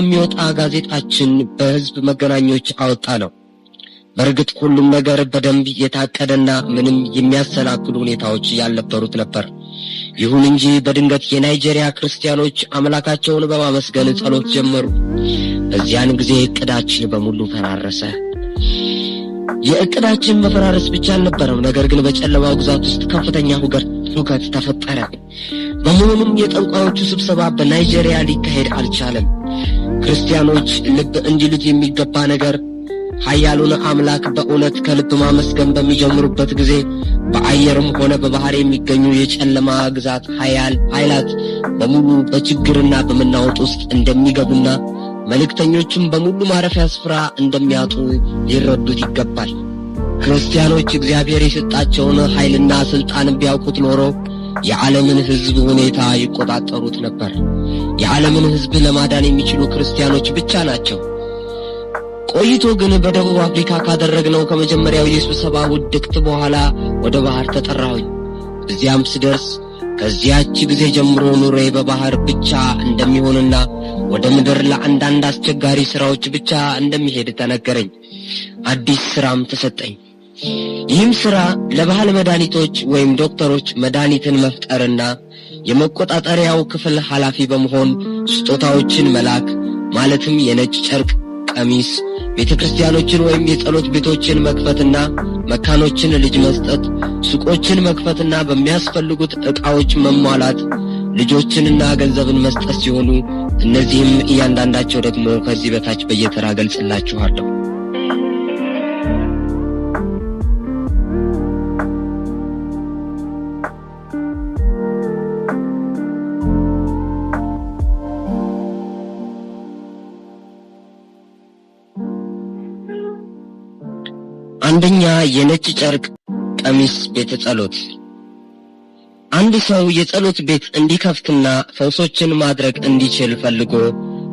የሚወጣ ጋዜጣችን በህዝብ መገናኞች አወጣ ነው። በእርግጥ ሁሉም ነገር በደንብ የታቀደና ምንም የሚያሰላክሉ ሁኔታዎች ያልነበሩት ነበር። ይሁን እንጂ በድንገት የናይጄሪያ ክርስቲያኖች አምላካቸውን በማመስገን ጸሎት ጀመሩ። በዚያን ጊዜ እቅዳችን በሙሉ ፈራረሰ። የእቅዳችን መፈራረስ ብቻ አልነበረም፣ ነገር ግን በጨለማው ግዛት ውስጥ ከፍተኛ ሁከት ተፈጠረ። በመሆኑም የጠንቋዮቹ ስብሰባ በናይጄሪያ ሊካሄድ አልቻለም። ክርስቲያኖች ልብ እንዲሉት የሚገባ ነገር ኃያሉን አምላክ በእውነት ከልብ ማመስገን በሚጀምሩበት ጊዜ በአየርም ሆነ በባህር የሚገኙ የጨለማ ግዛት ኃያል ኃይላት በሙሉ በችግርና በመናወጥ ውስጥ እንደሚገቡና መልእክተኞችም በሙሉ ማረፊያ ስፍራ እንደሚያጡ ሊረዱት ይገባል። ክርስቲያኖች እግዚአብሔር የሰጣቸውን ኃይልና ስልጣን ቢያውቁት ኖሮ የዓለምን ሕዝብ ሁኔታ ይቆጣጠሩት ነበር። የዓለምን ሕዝብ ለማዳን የሚችሉ ክርስቲያኖች ብቻ ናቸው። ቆይቶ ግን በደቡብ አፍሪካ ካደረግነው ከመጀመሪያው የስብሰባ ውድቅት በኋላ ወደ ባህር ተጠራሁኝ። እዚያም ስደርስ ከዚያች ጊዜ ጀምሮ ኑሬ በባህር ብቻ እንደሚሆንና ወደ ምድር ለአንዳንድ አስቸጋሪ ሥራዎች ብቻ እንደሚሄድ ተነገረኝ። አዲስ ሥራም ተሰጠኝ። ይህም ስራ ለባህል መድኃኒቶች ወይም ዶክተሮች መድኃኒትን መፍጠርና የመቆጣጠሪያው ክፍል ኃላፊ በመሆን ስጦታዎችን መላክ ማለትም የነጭ ጨርቅ ቀሚስ፣ ቤተ ክርስቲያኖችን ወይም የጸሎት ቤቶችን መክፈትና መካኖችን ልጅ መስጠት፣ ሱቆችን መክፈትና በሚያስፈልጉት ዕቃዎች መሟላት፣ ልጆችንና ገንዘብን መስጠት ሲሆኑ እነዚህም እያንዳንዳቸው ደግሞ ከዚህ በታች በየተራ ገልጽላችኋለሁ። አንደኛ የነጭ ጨርቅ ቀሚስ ቤተ ጸሎት። አንድ ሰው የጸሎት ቤት እንዲከፍትና ፈውሶችን ማድረግ እንዲችል ፈልጎ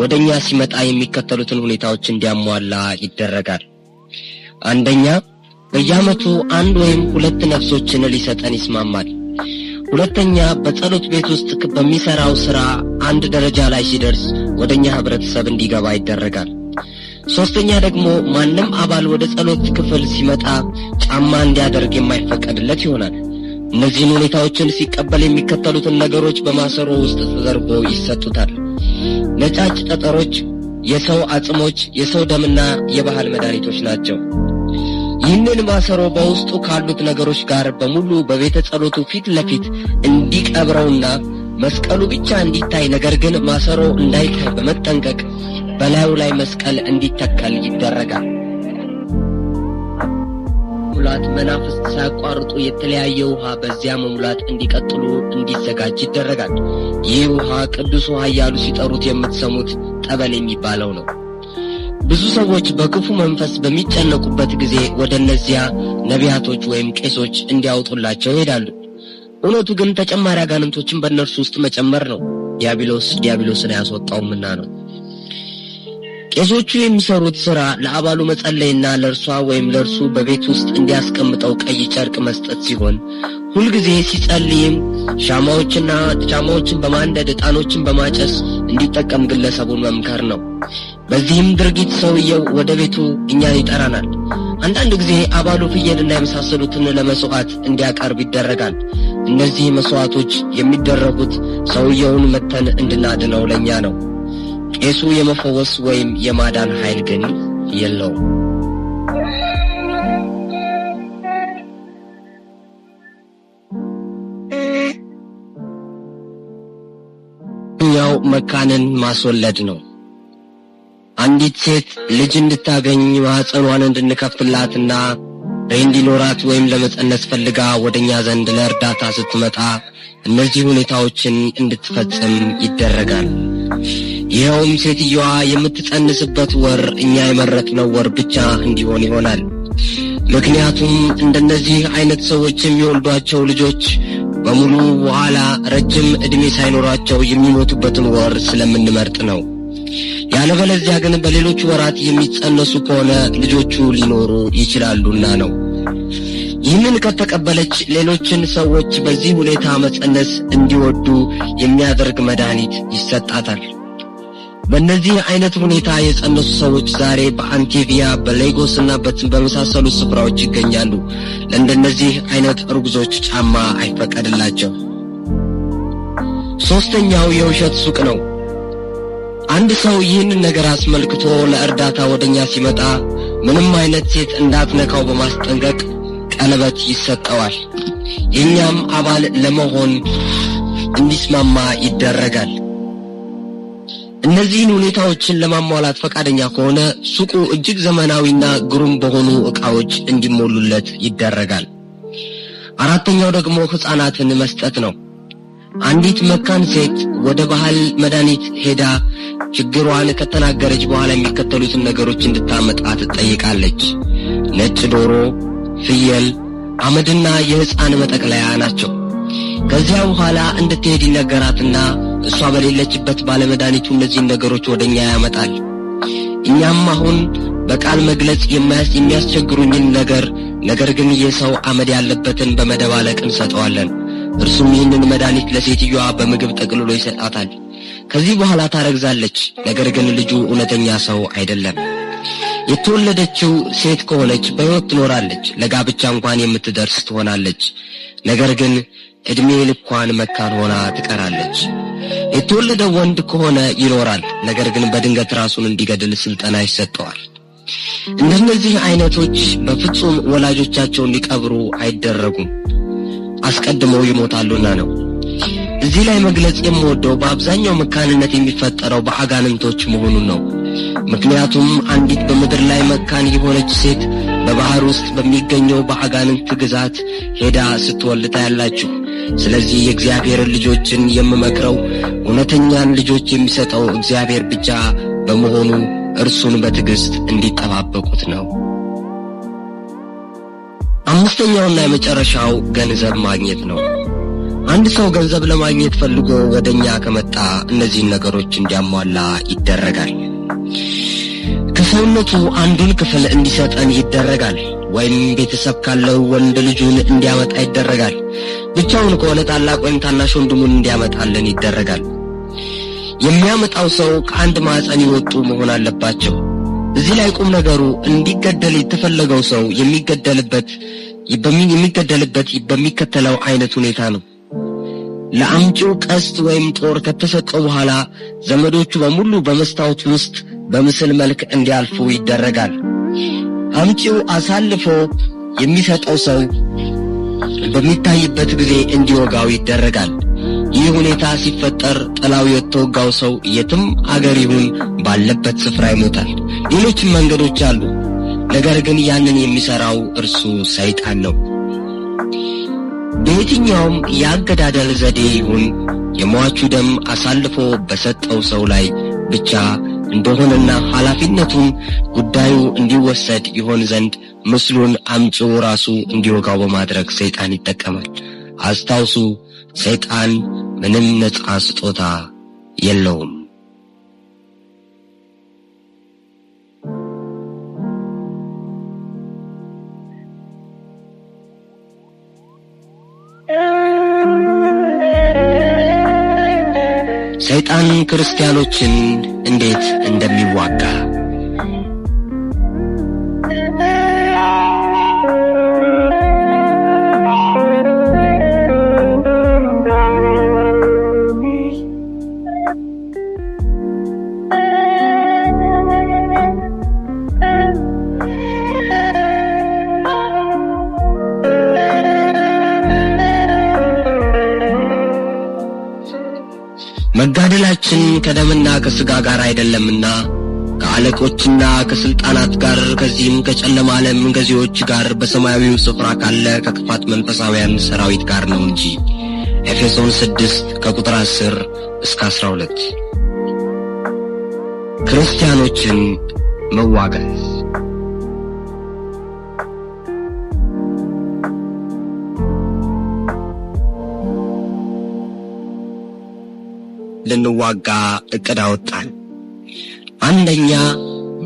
ወደኛ ሲመጣ የሚከተሉትን ሁኔታዎች እንዲያሟላ ይደረጋል። አንደኛ በየዓመቱ አንድ ወይም ሁለት ነፍሶችን ሊሰጠን ይስማማል። ሁለተኛ በጸሎት ቤት ውስጥ በሚሠራው ሥራ አንድ ደረጃ ላይ ሲደርስ ወደ እኛ ኅብረተሰብ እንዲገባ ይደረጋል። ሶስተኛ ደግሞ ማንም አባል ወደ ጸሎት ክፍል ሲመጣ ጫማ እንዲያደርግ የማይፈቀድለት ይሆናል። እነዚህን ሁኔታዎችን ሲቀበል የሚከተሉትን ነገሮች በማሰሮ ውስጥ ተዘርጎ ይሰጡታል። ነጫጭ ጠጠሮች፣ የሰው አጽሞች፣ የሰው ደምና የባህል መድኃኒቶች ናቸው። ይህንን ማሰሮ በውስጡ ካሉት ነገሮች ጋር በሙሉ በቤተ ጸሎቱ ፊት ለፊት እንዲቀብረውና መስቀሉ ብቻ እንዲታይ ነገር ግን ማሰሮ እንዳይታይ በመጠንቀቅ በላዩ ላይ መስቀል እንዲተከል ይደረጋል። ሙላት መናፍስት ሳያቋርጡ የተለያየ ውሃ በዚያ መሙላት እንዲቀጥሉ እንዲዘጋጅ ይደረጋል። ይህ ውሃ ቅዱስ ውሃ እያሉ ሲጠሩት የምትሰሙት ጠበል የሚባለው ነው። ብዙ ሰዎች በክፉ መንፈስ በሚጨነቁበት ጊዜ ወደ እነዚያ ነቢያቶች ወይም ቄሶች እንዲያወጡላቸው ይሄዳሉ። እውነቱ ግን ተጨማሪ አጋንንቶችን በእነርሱ ውስጥ መጨመር ነው። ዲያብሎስ ዲያብሎስን አያስወጣውምና ነው። ቄሶቹ የሚሰሩት ስራ ለአባሉ መጸለይና ለእርሷ ወይም ለእርሱ በቤት ውስጥ እንዲያስቀምጠው ቀይ ጨርቅ መስጠት ሲሆን ሁልጊዜ ሲጸልይም ሻማዎችና ሻማዎችን በማንደድ ዕጣኖችን በማጨስ እንዲጠቀም ግለሰቡን መምከር ነው። በዚህም ድርጊት ሰውየው ወደ ቤቱ እኛን ይጠራናል። አንዳንድ ጊዜ አባሉ ፍየልና የመሳሰሉትን ለመስዋዕት እንዲያቀርብ ይደረጋል። እነዚህ መስዋዕቶች የሚደረጉት ሰውየውን መተን እንድናድነው ለእኛ ነው። ቄሱ የመፈወስ ወይም የማዳን ኃይል ግን የለውም። ያው መካንን ማስወለድ ነው። አንዲት ሴት ልጅ እንድታገኝ ማኅፀኗን እንድንከፍትላትና ፍሬ እንዲኖራት ወይም ለመጸነስ ፈልጋ ወደ እኛ ዘንድ ለእርዳታ ስትመጣ እነዚህ ሁኔታዎችን እንድትፈጽም ይደረጋል። ይኸውም ሴትየዋ የምትጸንስበት ወር እኛ የመረጥነው ወር ብቻ እንዲሆን ይሆናል። ምክንያቱም እንደነዚህ አይነት ሰዎች የሚወልዷቸው ልጆች በሙሉ በኋላ ረጅም ዕድሜ ሳይኖሯቸው የሚሞቱበትን ወር ስለምንመርጥ ነው። ያለበለዚያ ግን በሌሎች ወራት የሚጸነሱ ከሆነ ልጆቹ ሊኖሩ ይችላሉና ነው። ይህንን ከተቀበለች ሌሎችን ሰዎች በዚህ ሁኔታ መጸነስ እንዲወዱ የሚያደርግ መድኃኒት ይሰጣታል። በእነዚህ አይነት ሁኔታ የጸነሱ ሰዎች ዛሬ በአንቲቪያ በሌጎስ እና በመሳሰሉ ስፍራዎች ይገኛሉ። ለእንደነዚህ አይነት እርጉዞች ጫማ አይፈቀድላቸው። ሶስተኛው የውሸት ሱቅ ነው። አንድ ሰው ይህንን ነገር አስመልክቶ ለእርዳታ ወደኛ ሲመጣ ምንም አይነት ሴት እንዳትነካው በማስጠንቀቅ ቀለበት ይሰጠዋል። የእኛም አባል ለመሆን እንዲስማማ ይደረጋል። እነዚህን ሁኔታዎችን ለማሟላት ፈቃደኛ ከሆነ ሱቁ እጅግ ዘመናዊና ግሩም በሆኑ ዕቃዎች እንዲሞሉለት ይደረጋል። አራተኛው ደግሞ ሕፃናትን መስጠት ነው። አንዲት መካን ሴት ወደ ባህል መድኃኒት ሄዳ ችግሯን ከተናገረች በኋላ የሚከተሉትን ነገሮች እንድታመጣ ትጠይቃለች። ነጭ ዶሮ፣ ፍየል፣ አመድና የሕፃን መጠቅለያ ናቸው። ከዚያ በኋላ እንድትሄድ ይነገራትና እሷ በሌለችበት ባለመድኃኒቱ እነዚህን ነገሮች ወደ እኛ ያመጣል። እኛም አሁን በቃል መግለጽ የሚያስቸግሩኝን ነገር ነገር ግን የሰው አመድ ያለበትን በመደባለቅ እንሰጠዋለን። እርሱም ይህንን መድኃኒት ለሴትዮዋ በምግብ ጠቅልሎ ይሰጣታል። ከዚህ በኋላ ታረግዛለች። ነገር ግን ልጁ እውነተኛ ሰው አይደለም። የተወለደችው ሴት ከሆነች በሕይወት ትኖራለች፣ ለጋብቻ እንኳን የምትደርስ ትሆናለች። ነገር ግን ዕድሜ ልኳን መካን ሆና ትቀራለች። የተወለደ ወንድ ከሆነ ይኖራል። ነገር ግን በድንገት ራሱን እንዲገድል ስልጠና ይሰጠዋል። እንደነዚህ አይነቶች በፍጹም ወላጆቻቸውን ሊቀብሩ አይደረጉም፣ አስቀድመው ይሞታሉና ነው። እዚህ ላይ መግለጽ የምወደው በአብዛኛው መካንነት የሚፈጠረው በአጋንንቶች መሆኑን ነው። ምክንያቱም አንዲት በምድር ላይ መካን የሆነች ሴት በባህር ውስጥ በሚገኘው በአጋንንት ግዛት ሄዳ ስትወልታ ያላችሁ ስለዚህ የእግዚአብሔርን ልጆችን የምመክረው እውነተኛን ልጆች የሚሰጠው እግዚአብሔር ብቻ በመሆኑ እርሱን በትዕግሥት እንዲጠባበቁት ነው። አምስተኛውና የመጨረሻው ገንዘብ ማግኘት ነው። አንድ ሰው ገንዘብ ለማግኘት ፈልጎ ወደ እኛ ከመጣ እነዚህን ነገሮች እንዲያሟላ ይደረጋል። ከሰውነቱ አንዱን ክፍል እንዲሰጠን ይደረጋል። ወይም ቤተሰብ ካለው ወንድ ልጁን እንዲያመጣ ይደረጋል። ብቻውን ከሆነ ታላቅ ወይም ታናሽ ወንድሙን እንዲያመጣልን ይደረጋል። የሚያመጣው ሰው ከአንድ ማዕፀን የወጡ መሆን አለባቸው። እዚህ ላይ ቁም ነገሩ እንዲገደል የተፈለገው ሰው የሚገደልበት የሚገደልበት በሚከተለው አይነት ሁኔታ ነው። ለአምጪው ቀስት ወይም ጦር ከተሰጠው በኋላ ዘመዶቹ በሙሉ በመስታወት ውስጥ በምስል መልክ እንዲያልፉ ይደረጋል። አምጪው አሳልፎ የሚሰጠው ሰው በሚታይበት ጊዜ እንዲወጋው ይደረጋል። ይህ ሁኔታ ሲፈጠር ጥላው የተወጋው ሰው የትም አገር ይሁን ባለበት ስፍራ ይሞታል። ሌሎችም መንገዶች አሉ። ነገር ግን ያንን የሚሰራው እርሱ ሰይጣን ነው። በየትኛውም የአገዳደል ዘዴ ይሁን የሟቹ ደም አሳልፎ በሰጠው ሰው ላይ ብቻ እንደሆነና ኃላፊነቱም ጉዳዩ እንዲወሰድ ይሆን ዘንድ ምስሉን አምጾ ራሱ እንዲወጋው በማድረግ ሰይጣን ይጠቀማል። አስታውሱ፣ ሰይጣን ምንም ነፃ ስጦታ የለውም። ሰይጣን ክርስቲያኖችን እንዴት እንደሚዋጋ ኑሯችን ከደምና ከሥጋ ጋር አይደለምና ከአለቆችና ከሥልጣናት ጋር ከዚህም ከጨለማ ዓለም ገዢዎች ጋር በሰማያዊው ስፍራ ካለ ከክፋት መንፈሳውያን ሰራዊት ጋር ነው እንጂ። ኤፌሶን 6 ከቁጥር 10 እስከ 12። ክርስቲያኖችን መዋጋት ልንዋጋ ዕቅድ አወጣን። አንደኛ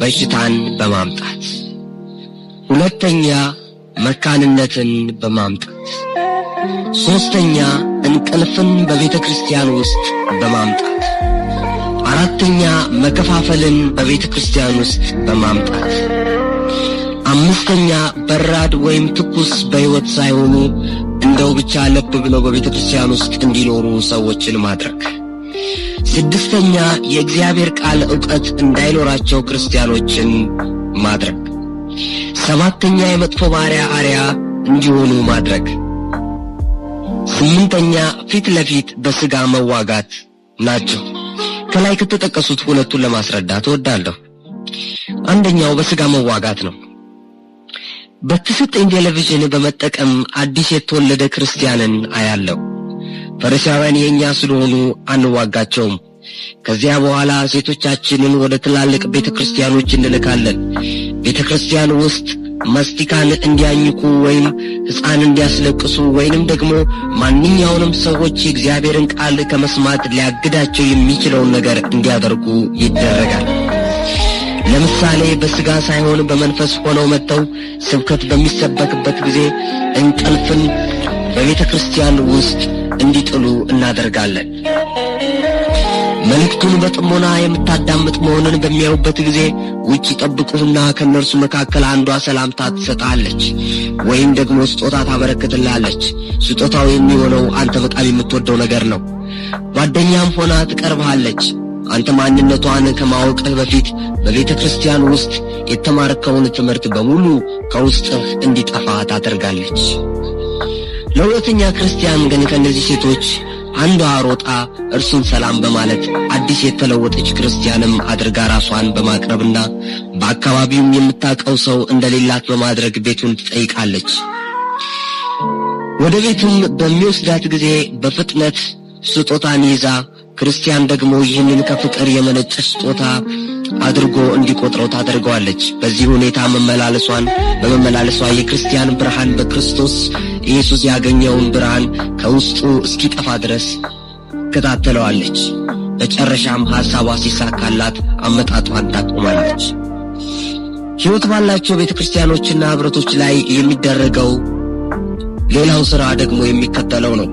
በሽታን በማምጣት ሁለተኛ መካንነትን በማምጣት ሦስተኛ እንቅልፍን በቤተ ክርስቲያን ውስጥ በማምጣት አራተኛ መከፋፈልን በቤተ ክርስቲያን ውስጥ በማምጣት አምስተኛ በራድ ወይም ትኩስ በሕይወት ሳይሆኑ እንደው ብቻ ለብ ብለው በቤተ ክርስቲያን ውስጥ እንዲኖሩ ሰዎችን ማድረግ ስድስተኛ የእግዚአብሔር ቃል ዕውቀት እንዳይኖራቸው ክርስቲያኖችን ማድረግ። ሰባተኛ የመጥፎ ባሪያ አርያ እንዲሆኑ ማድረግ። ስምንተኛ ፊት ለፊት በሥጋ መዋጋት ናቸው። ከላይ ከተጠቀሱት ሁለቱን ለማስረዳት እወዳለሁ። አንደኛው በሥጋ መዋጋት ነው። በተሰጠኝ ቴሌቪዥን በመጠቀም አዲስ የተወለደ ክርስቲያንን አያለሁ። ፈሪሳውያን የእኛ ስለሆኑ አንዋጋቸውም። ከዚያ በኋላ ሴቶቻችንን ወደ ትላልቅ ቤተ ክርስቲያኖች እንልካለን። ቤተ ክርስቲያን ውስጥ ማስቲካን እንዲያኝኩ ወይም ሕፃን እንዲያስለቅሱ ወይንም ደግሞ ማንኛውንም ሰዎች የእግዚአብሔርን ቃል ከመስማት ሊያግዳቸው የሚችለውን ነገር እንዲያደርጉ ይደረጋል። ለምሳሌ በሥጋ ሳይሆን በመንፈስ ሆነው መጥተው ስብከት በሚሰበክበት ጊዜ እንቅልፍን በቤተ ክርስቲያን ውስጥ እንዲጥሉ እናደርጋለን። መልእክቱን በጥሞና የምታዳምጥ መሆንን በሚያዩበት ጊዜ ውጭ ጠብቁና ከእነርሱ መካከል አንዷ ሰላምታ ትሰጣለች ወይም ደግሞ ስጦታ ታበረክትላለች። ስጦታው የሚሆነው አንተ በጣም የምትወደው ነገር ነው። ጓደኛም ሆና ትቀርብሃለች። አንተ ማንነቷን ከማወቅህ በፊት በቤተ ክርስቲያን ውስጥ የተማርከውን ትምህርት በሙሉ ከውስጥህ እንዲጠፋ ታደርጋለች። ለሁለተኛ ክርስቲያን ግን ከእነዚህ ሴቶች አንዷ ሮጣ እርሱን ሰላም በማለት አዲስ የተለወጠች ክርስቲያንም አድርጋ ራሷን በማቅረብና በአካባቢውም የምታውቀው ሰው እንደሌላት በማድረግ ቤቱን ትጠይቃለች። ወደ ቤትም በሚወስዳት ጊዜ በፍጥነት ስጦታን ይዛ ክርስቲያን ደግሞ ይህንን ከፍቅር የመነጨ ስጦታ አድርጎ እንዲቆጥረው ታደርገዋለች። በዚህ ሁኔታ መመላለሷን በመመላለሷ የክርስቲያን ብርሃን በክርስቶስ ኢየሱስ ያገኘውን ብርሃን ከውስጡ እስኪጠፋ ድረስ ትከታተለዋለች። መጨረሻም ሐሳቧ ሲሳካላት አመጣጧን ታቆማለች። ሕይወት ባላቸው ቤተ ክርስቲያኖችና ኅብረቶች ላይ የሚደረገው ሌላው ሥራ ደግሞ የሚከተለው ነው።